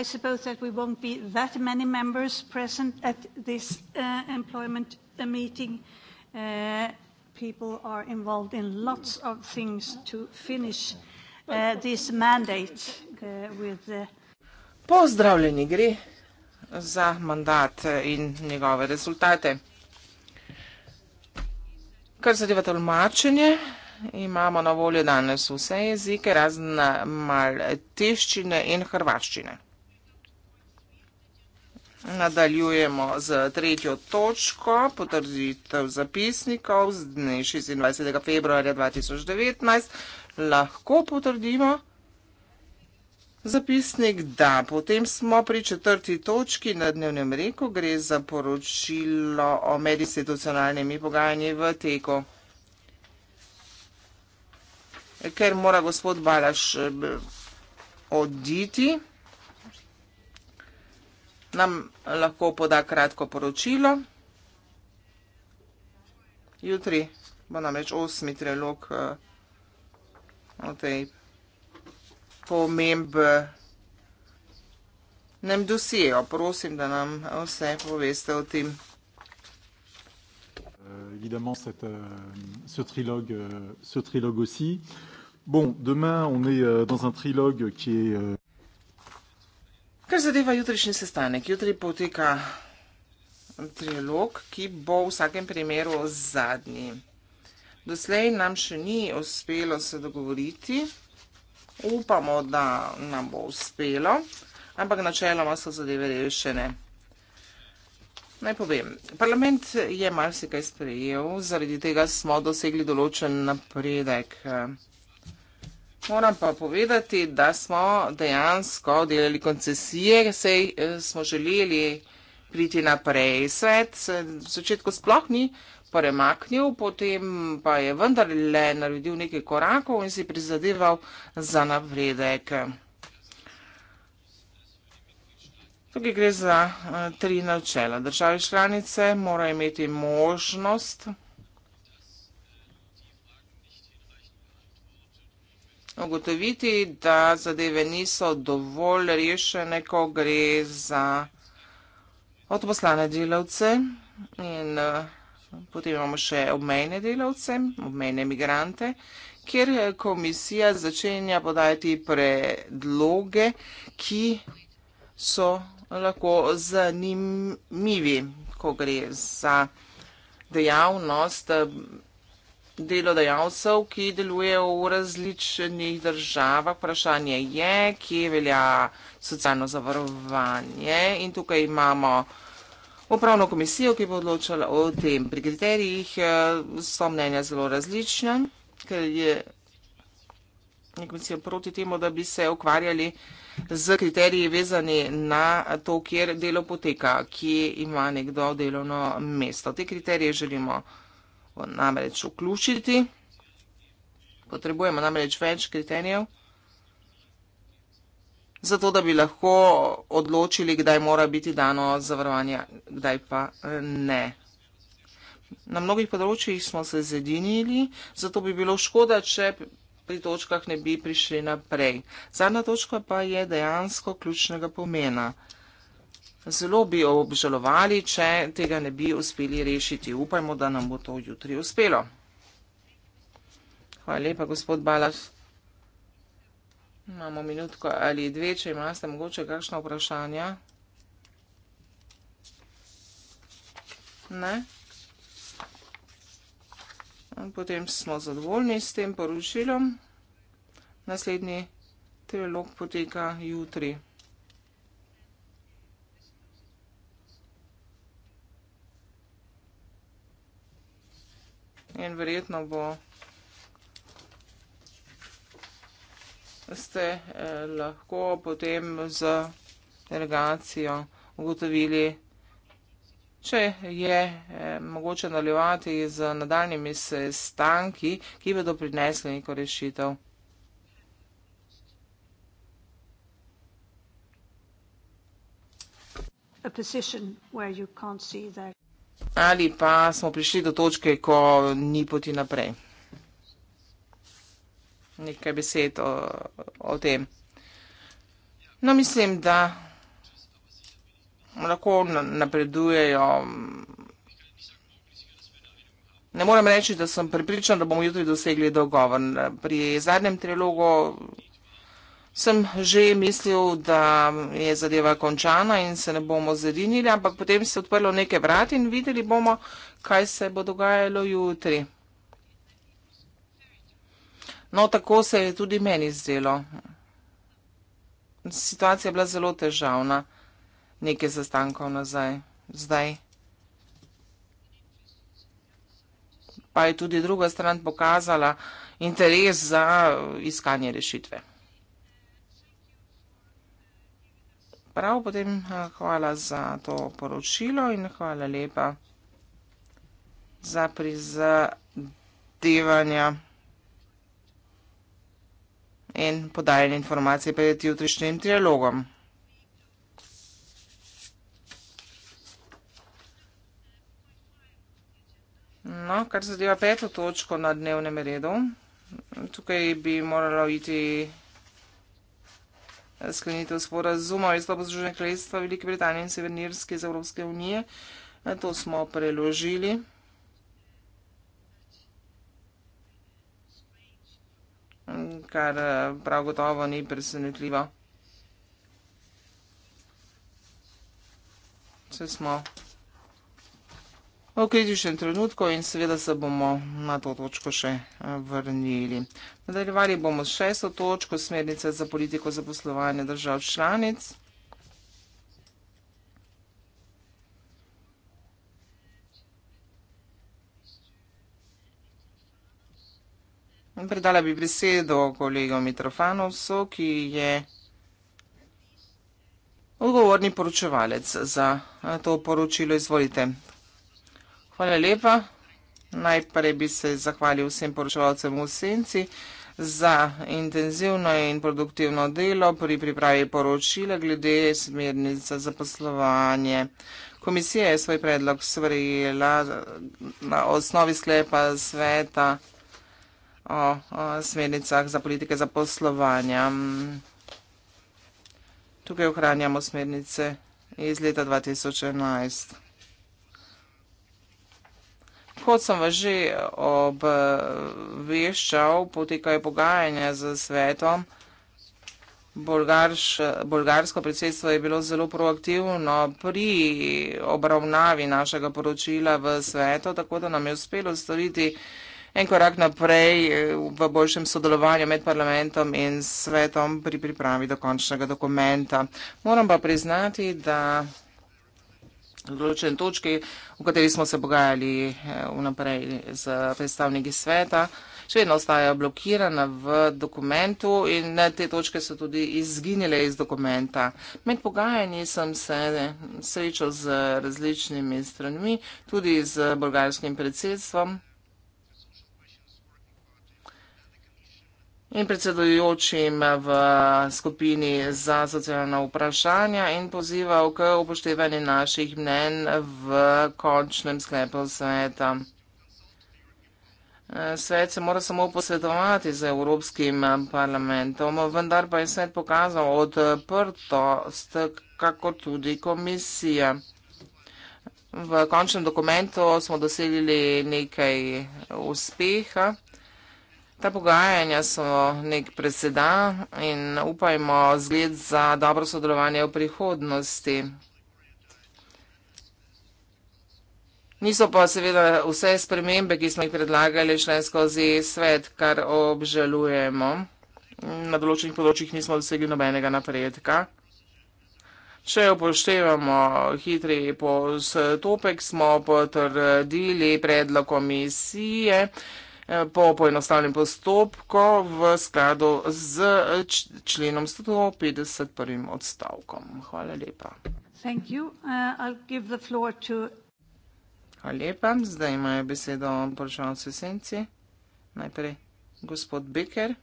I suppose that we won't be that many members present at this uh, employment uh, meeting. Uh, people are involved in lots of things to finish uh, this mandate uh, with the Pozdravljeni gre za mandat uh, in njegove rezultate. Kar zadeva tolmačenje, imamo na voljo danes vse jezike, razen malteščine in hrvaščine. Nadaljujemo z tretjo točko, potrditev zapisnikov z dne 26. februarja 2019. Lahko potrdimo zapisnik, da potem smo pri četrti točki na dnevnem reku, gre za poročilo o medinstitucionalnimi pogajanji v teku. Ker mora gospod Balaš eh, oditi nam lahko poda kratko poročilo. Jutri bo namreč osmi trilog eh, o tej pomembi. Nem dosijejo, prosim, da nam vse poveste o tem. Euh, évidemment, cette, euh, ce, trilogue, euh, ce trilogue aussi. Bon, demain, on est euh, dans un trilogue qui est... Euh Kar zadeva jutrišnji sestanek, jutri poteka trilog, ki bo v vsakem primeru zadnji. Doslej nam še ni uspelo se dogovoriti, upamo, da nam bo uspelo, ampak načeloma so zadeve rešene. Naj povem, parlament je marsikaj sprejel, zaradi tega smo dosegli določen napredek moram pa povedati, da smo dejansko delali koncesije, sej eh, smo želeli priti naprej. Svet se v začetku sploh ni premaknil, potem pa je vendarle naredil nekaj korakov in si prizadeval za napredek. Tukaj gre za eh, tri načela. Države članice morajo imeti možnost ugotoviti, da zadeve niso dovolj rešene, ko gre za odposlane delavce in eh, potem imamo še obmejne delavce, obmejne migrante, kjer eh, komisija začenja podajati predloge, ki so lahko zanimivi, ko gre za dejavnost, eh, delodajalcev, ki delujejo v različnih državah. Vprašanje je, kje velja socialno zavarovanje in tukaj imamo upravno komisijo, ki bo odločala o tem. Pri kriterijih eh, so mnenja zelo različna, ker je neka komisija proti temu, da bi se ukvarjali z kriteriji vezani na to, kjer delo poteka, kje ima nekdo delovno mesto. Te kriterije želimo namreč vključiti. Potrebujemo namreč več kriterijev, zato da bi lahko odločili, kdaj mora biti dano zavarovanje, kdaj pa eh, ne. Na mnogih področjih smo se zedinili, zato bi bilo škoda, če pri točkah ne bi prišli naprej. Zadnja točka pa je dejansko ključnega pomena. Zelo bi obžalovali, če tega ne bi uspeli rešiti. Upajmo, da nam bo to jutri uspelo. Hvala lepa, gospod Balaš. Imamo minutko ali dve, če imate mogoče kakšno vprašanje. Ne? Potem smo zadovoljni s tem poročilom. Naslednji trilog poteka jutri. in verjetno bo ste eh, lahko potem z delegacijo ugotovili, če je eh, mogoče nalivati z nadaljnimi sestanki, ki bodo prinesli neko rešitev. A position where you can't see that ali pa smo prišli do točke, ko ni poti naprej. Nekaj besed o, o tem. No, mislim, da lahko napredujejo. Ne morem reči, da sem pripričan, da bomo jutri dosegli dogovor. Pri zadnjem trilogu sem že mislil, da je zadeva končana in se ne bomo zrinili, ampak potem se je odprlo nekaj vrat in videli bomo, kaj se bo dogajalo jutri. No, tako se je tudi meni zdelo. Situacija je bila zelo težavna, nekaj zastankov nazaj, zdaj. Pa je tudi druga stran pokazala interes za iskanje rešitve. Prav, potem eh, hvala za to poročilo in hvala lepa za prizadevanja in podajanje informacije pred jutrišnjim trialogom. No, kar zadeva peto točko na dnevnem redu, tukaj bi moralo iti sklenitev sporazuma o izstopu Združenega kraljestva Velike Britanije in Severne Irske iz Evropske unije. To smo preložili. kar eh, prav gotovo ni presenetljivo. Se smo v kritičnem trenutku in seveda se bomo na to točko še eh, vrnili. Nadaljevali bomo s šesto točko smernice za politiko za poslovanje držav članic. Predala bi besedo kolego Mitrofanovso, ki je odgovorni poročevalec za eh, to poročilo. Izvolite, Hvala lepa. Najprej bi se zahvalil vsem poročevalcem v Senci za intenzivno in produktivno delo pri pripravi poročila glede smernica za poslovanje. Komisija je svoj predlog sprejela na osnovi sklepa sveta o, o smernicah za politike za poslovanje. Tukaj ohranjamo smernice iz leta 2011. Kot sem vas že obveščal, potekajo pogajanja z svetom. Bolgarš, bolgarsko predsedstvo je bilo zelo proaktivno pri obravnavi našega poročila v svetu, tako da nam je uspelo storiti en korak naprej v boljšem sodelovanju med parlamentom in svetom pri pripravi dokončnega dokumenta. Moram pa priznati, da določene točke, v kateri smo se pogajali eh, vnaprej z predstavniki sveta, še vedno ostajajo blokirane v dokumentu in te točke so tudi izginile iz dokumenta. Med pogajanji sem se eh, srečal z različnimi stranmi, tudi z bolgarskim predsedstvom. in predsedujočim v skupini za socialna vprašanja in pozival k upoštevanju naših mnen v končnem sklepu sveta. Svet se mora samo posvetovati z Evropskim parlamentom, vendar pa je svet pokazal odprtost, kako tudi komisija. V končnem dokumentu smo dosegli nekaj uspeha. Ta pogajanja so nek preseda in upajmo zgled za dobro sodelovanje v prihodnosti. Niso pa seveda vse spremembe, ki smo jih predlagali, šle skozi svet, kar obžalujemo. Na določenih področjih nismo dosegli nobenega napredka. Če upoštevamo hitri postopek, smo potrdili predlog komisije, Eh, po poenostavljenem postopku v skladu z eh, členom 150. prvim odstavkom. Hvala lepa. Uh, to... Hvala lepa. Zdaj imajo besedo poročevalci esenci. Najprej gospod Beker,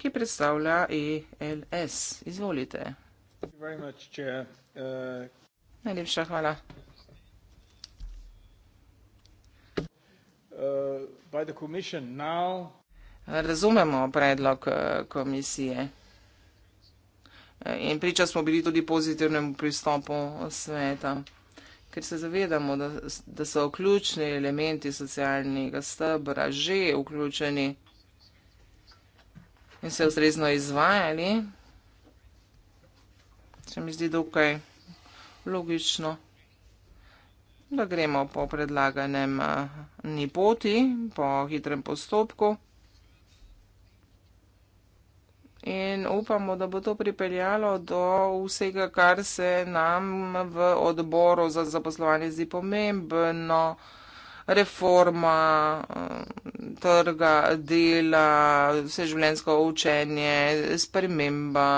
ki predstavlja ELS. Izvolite. Much, uh... Najlepša hvala. Uh, Razumemo predlog uh, komisije in priča smo bili tudi pozitivnemu pristopu sveta, ker se zavedamo, da so ključni elementi socialnega stebra že vključeni in se ustrezno izvajali. Se mi zdi dokaj logično da gremo po predlaganem nipoti, po hitrem postopku. In upamo, da bo to pripeljalo do vsega, kar se nam v odboru za zaposlovanje zdi pomembno. Reforma trga dela, vseživljenjsko učenje, sprememba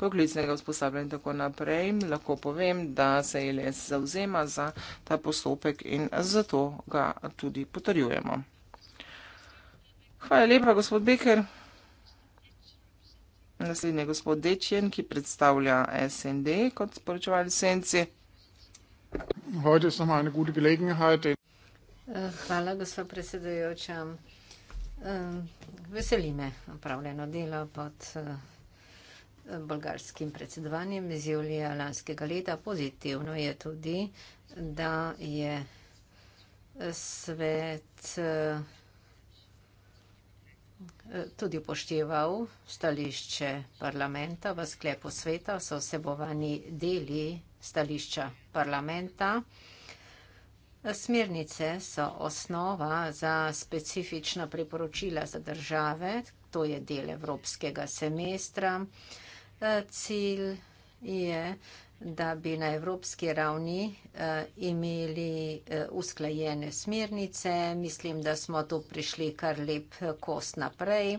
poklicnega usposabljanja in tako naprej, lahko povem, da se ILS zauzema za ta postopek in zato ga tudi potrjujemo. Hvala lepa, gospod Beker. Naslednji je gospod Dečjen, ki predstavlja SND kot sporočevalni senci. Eh, hvala, gospod predsedujoča. Eh, veseli me upravljeno delo pod eh, bolgarskim predsedovanjem iz julija lanskega leta. Pozitivno je tudi, da je svet eh, tudi upošteval stališče parlamenta v sklepu sveta, so vsebovani deli stališča parlamenta. Smernice so osnova za specifična priporočila za države, to je del evropskega semestra cilj je, da bi na evropski ravni eh, imeli eh, usklajene smernice. Mislim, da smo tu prišli kar lep eh, kost naprej.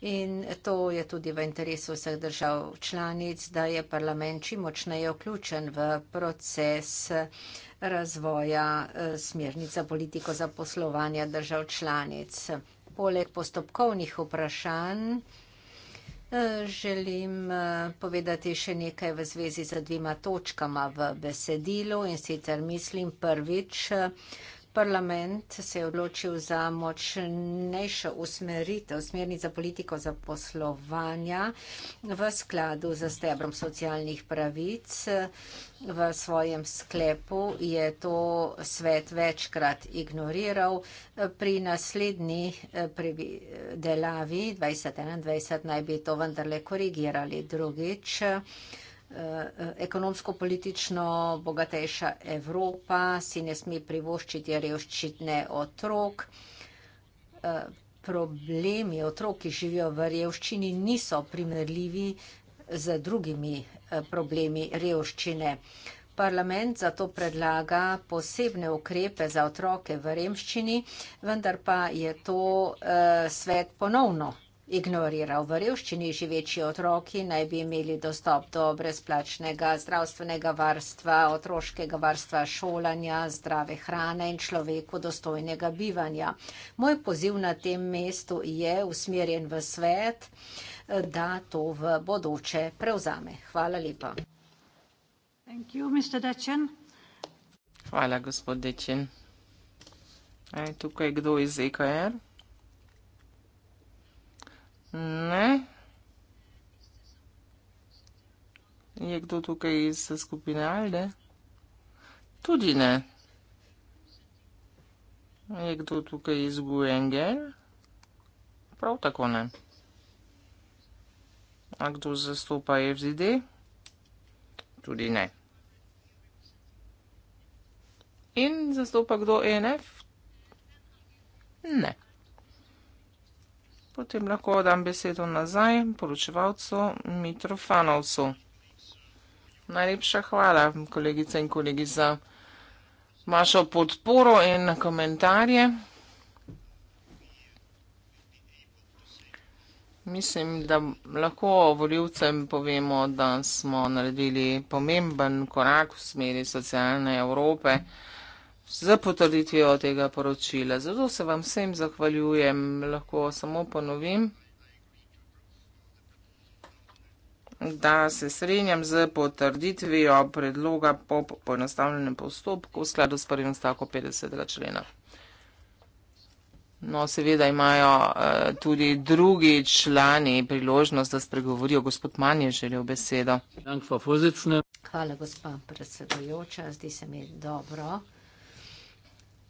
In to je tudi v interesu vseh držav članic, da je parlament čim močneje vključen v proces razvoja smernica politiko za poslovanje držav članic. Poleg postopkovnih vprašanj, Želim eh, povedati še nekaj v zvezi z dvima točkama v besedilu in sicer mislim prvič, parlament se je odločil za močnejšo usmeritev smernic za politiko zaposlovanja v skladu z stebrom socialnih pravic. V svojem sklepu je to svet večkrat ignoriral. Pri naslednji eh, delavi 2021 naj bi to vendarle korigirali drugič. Eh, ekonomsko-politično bogatejša Evropa, si ne sme privoščiti revščitne otrok. Eh, problemi otrok, ki živijo v revščini, niso primerljivi z drugimi eh, problemi revščine. Parlament zato predlaga posebne ukrepe za otroke v revščini, vendar pa je to svet ponovno ignoriral. V revščini živeči otroki naj bi imeli dostop do brezplačnega zdravstvenega varstva, otroškega varstva, šolanja, zdrave hrane in človeku dostojnega bivanja. Moj poziv na tem mestu je usmerjen v svet, da to v bodoče prevzame. Hvala lepa. Thank you, Mr. Dečen. Hvala, gospod Dečen. Tukaj je kdo iz EKR? Ne. Je kdo tukaj iz skupine Alde? Tudi ne. Je kdo tukaj iz Guengel? Prav tako ne. A kdo zastopa FZD? Tudi ne. In zastopa kdo ENF? Ne. Potem lahko dam besedo nazaj poročevalcu Mitrofanovcu. Najlepša hvala, kolegice in kolegi, za vašo podporo in komentarje. Mislim, da lahko voljivcem povemo, da smo naredili pomemben korak v smeri socialne Evrope. Mm za potrditvijo tega poročila. Zato se vam vsem zahvaljujem, lahko samo ponovim, da se srenjam z potrditvijo predloga po poenostavljenem postopku v skladu s prvim stavkom 50. člena. No, seveda imajo uh, tudi drugi člani priložnost, da spregovorijo. Gospod Manj je želel besedo. Hvala, gospa predsedujoča. Zdi se mi dobro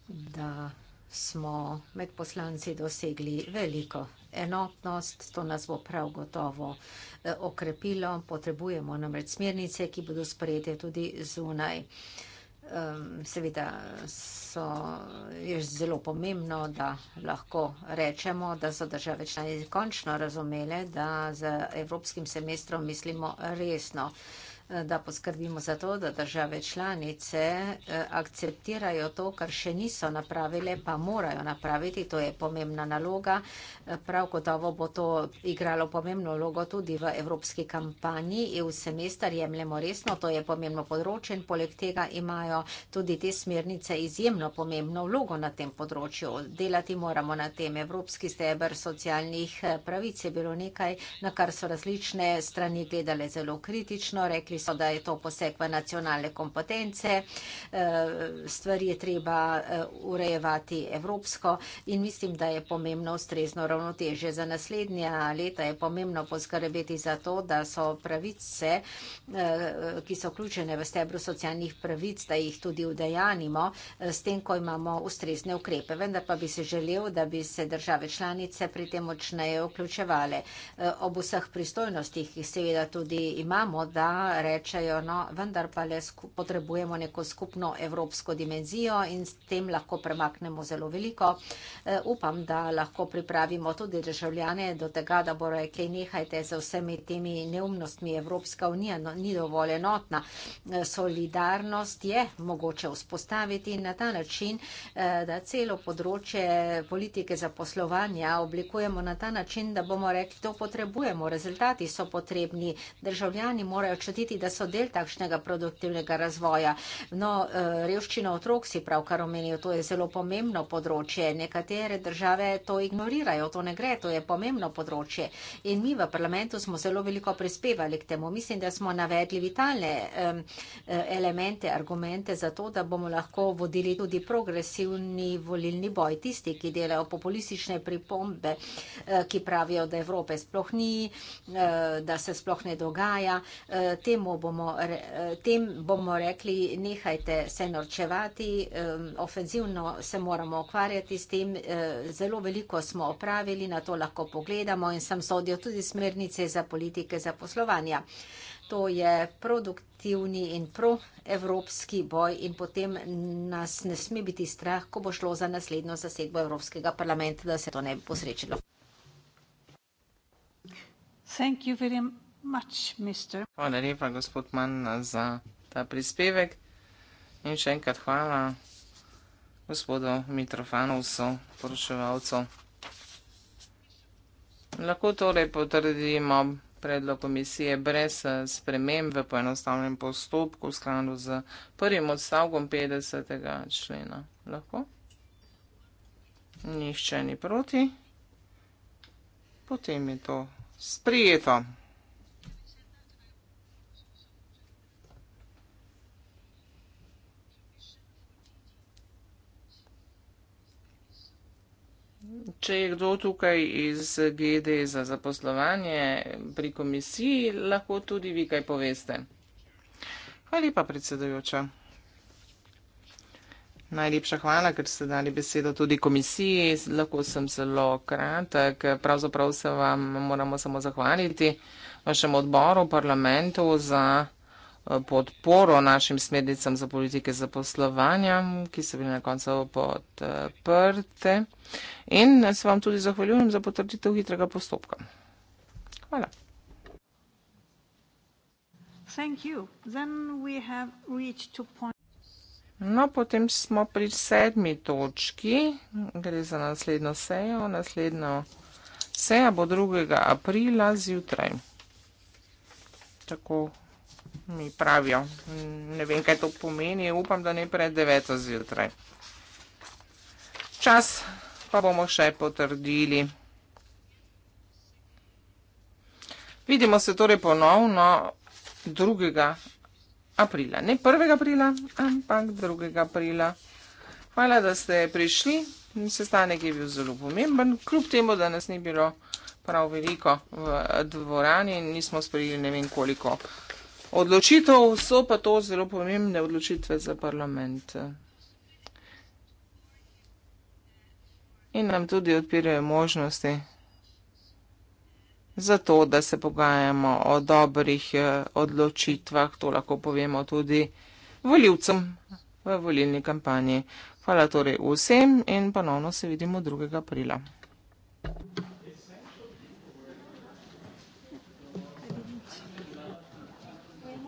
da smo med poslanci dosegli veliko enotnost. To nas bo prav gotovo eh, okrepilo. Potrebujemo namreč smernice, ki bodo sprejete tudi zunaj. Ehm, seveda so, je zelo pomembno, da lahko rečemo, da so države članice končno razumele, da z evropskim semestrom mislimo resno da poskrbimo za to, da države članice eh, akceptirajo to, kar še niso napravile, pa morajo napraviti. To je pomembna naloga. Eh, prav gotovo bo to igralo pomembno vlogo tudi v evropski kampanji. EU semester jemljemo resno, to je pomembno področje in poleg tega imajo tudi te smernice izjemno pomembno vlogo na tem področju. Delati moramo na tem. Evropski steber socialnih eh, pravic je bilo nekaj, na kar so različne strani gledale zelo kritično. Rekli so, da je to poseg v nacionalne kompetence, eh, stvari je treba eh, urejevati evropsko in mislim, da je pomembno ustrezno ravnoteže. Za naslednja leta je pomembno poskrbeti za to, da so pravice, eh, ki so vključene v stebru socialnih pravic, da jih tudi udejanimo s tem, ko imamo ustrezne ukrepe. Vendar pa bi se želel, da bi se države članice pri tem močneje vključevale ob vseh pristojnostih, ki seveda tudi imamo, da rečejo, no, vendar pa le potrebujemo neko skupno evropsko dimenzijo in s tem lahko premaknemo zelo veliko. E, upam, da lahko pripravimo tudi državljane do tega, da bo rekli, nehajte z vsemi temi neumnostmi, Evropska unija no, ni dovolj enotna. E, solidarnost je mogoče vzpostaviti na ta način, e, da celo področje politike zaposlovanja oblikujemo na ta način, da bomo rekli, to potrebujemo, rezultati so potrebni, državljani morajo čutiti, da so del takšnega produktivnega razvoja. No, eh, revščina otrok si pravkar omenijo, to je zelo pomembno področje. Nekatere države to ignorirajo, to ne gre, to je pomembno področje. In mi v parlamentu smo zelo veliko prispevali k temu. Mislim, da smo navedli vitalne eh, elemente, argumente za to, da bomo lahko vodili tudi progresivni volilni boj. Tisti, ki delajo populistične pripombe, eh, ki pravijo, da Evrope sploh ni, da se sploh ne dogaja, temu temu bomo, re, eh, tem bomo rekli, nehajte se norčevati, ofenzivno se moramo ukvarjati s tem, eh, zelo veliko smo opravili, na to lahko pogledamo in sem sodijo tudi smernice za politike za poslovanja. To je produktivni in proevropski boj in potem nas ne sme biti strah, ko bo šlo za naslednjo zasedbo Evropskega parlamenta, da se to ne bi posrečilo. Thank you very much much, mister. Hvala lepa, gospod Manna, za ta prispevek. In še enkrat hvala gospodu Mitrofanovcu, poročevalcu. Lahko torej potrdimo predlog komisije brez eh, sprememb v poenostavljenem postopku v skladu z prvim odstavkom 50. člena. Lahko? Nihče ni proti. Potem je to sprijeto. Če je kdo tukaj iz GD za zaposlovanje pri komisiji, lahko tudi vi kaj poveste. Hvala lepa, predsedujoča. Najlepša hvala, ker ste dali besedo tudi komisiji. Lahko sem zelo kratek. Pravzaprav se vam moramo samo zahvaliti vašem odboru, parlamentu za podporo našim smernicam za politike zaposlovanja, ki so bile na koncu podprte. In se vam tudi zahvaljujem za potrditev hitrega postopka. Hvala. No, potem smo pri sedmi točki, gre za naslednjo sejo. Naslednjo sejo bo 2. aprila zjutraj. Tako mi pravijo. Ne vem, kaj to pomeni, upam, da ne pred 9. zjutraj. Čas pa bomo še potrdili. Vidimo se torej ponovno 2. aprila. Ne 1. aprila, ampak 2. aprila. Hvala, da ste prišli. Sestanek je bil zelo pomemben, kljub temu, da nas ni bilo prav veliko v dvorani in nismo sprejeli ne vem koliko odločitev, so pa to zelo pomembne odločitve za parlament. In nam tudi odpirajo možnosti za to, da se pogajamo o dobrih eh, odločitvah, to lahko povemo tudi voljivcem v volilni kampanji. Hvala torej vsem in ponovno se vidimo 2. aprila.